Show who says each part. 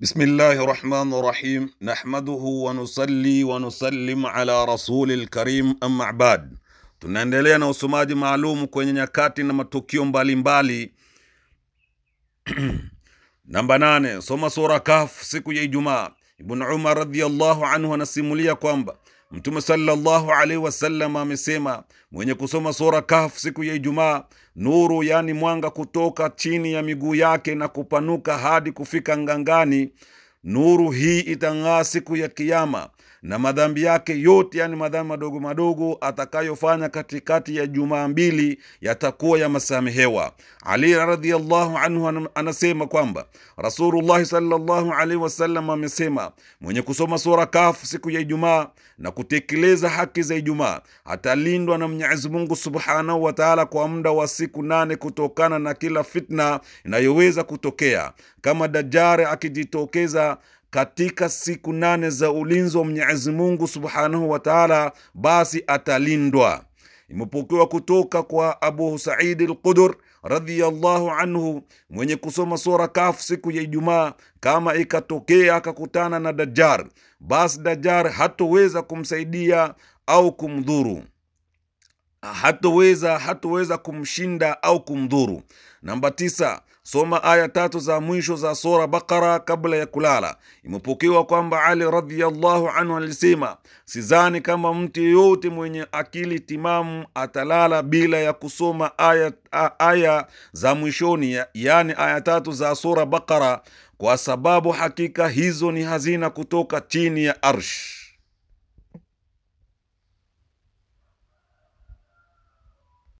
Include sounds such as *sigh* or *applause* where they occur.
Speaker 1: بسم الله الرحمن الرحيم نحمده ونصلي ونسلم على رسول الكريم أما بعد tunaendelea na usomaji maalum kwenye nyakati na matukio mbalimbali *clears throat* namba nane soma sura Kahf siku ya Ijumaa Ibn Umar radhiallahu anhu anasimulia kwamba Mtume sallallahu alaihi wasallam amesema, mwenye kusoma sura Kahf siku ya Ijumaa, nuru yaani mwanga kutoka chini ya miguu yake na kupanuka hadi kufika ngangani Nuru hii itang'aa siku ya Kiama, na madhambi yake yote, yani madhambi madogo madogo atakayofanya katikati ya jumaa mbili yatakuwa yamesamehewa. Ali radhiallahu anhu anasema kwamba Rasulullahi sallallahu alaihi wasallam amesema, mwenye kusoma sura Kafu siku ya Ijumaa na kutekeleza haki za Ijumaa atalindwa na Mwenyezi Mungu subhanahu wataala kwa muda wa siku nane kutokana na kila fitna inayoweza kutokea, kama dajari akijitokeza katika siku nane za ulinzi wa Mwenyezi Mungu subhanahu wa taala, basi atalindwa. Imepokewa kutoka kwa Abu Saidi al radhiyallahu anhu mwenye kusoma sura Kaf siku ya Ijumaa, kama ikatokea akakutana na dajar basi dajar hatoweza kumsaidia au kumdhuru hatoweza hatoweza kumshinda au kumdhuru. Namba tisa, soma aya tatu za mwisho za sura Bakara kabla ya kulala. Imepokewa kwamba Ali radhiyallahu anhu alisema, sidhani kama mtu yeyote mwenye akili timamu atalala bila ya kusoma aya, aya za mwishoni, yaani aya tatu za sura Bakara, kwa sababu hakika hizo ni hazina kutoka chini ya arsh.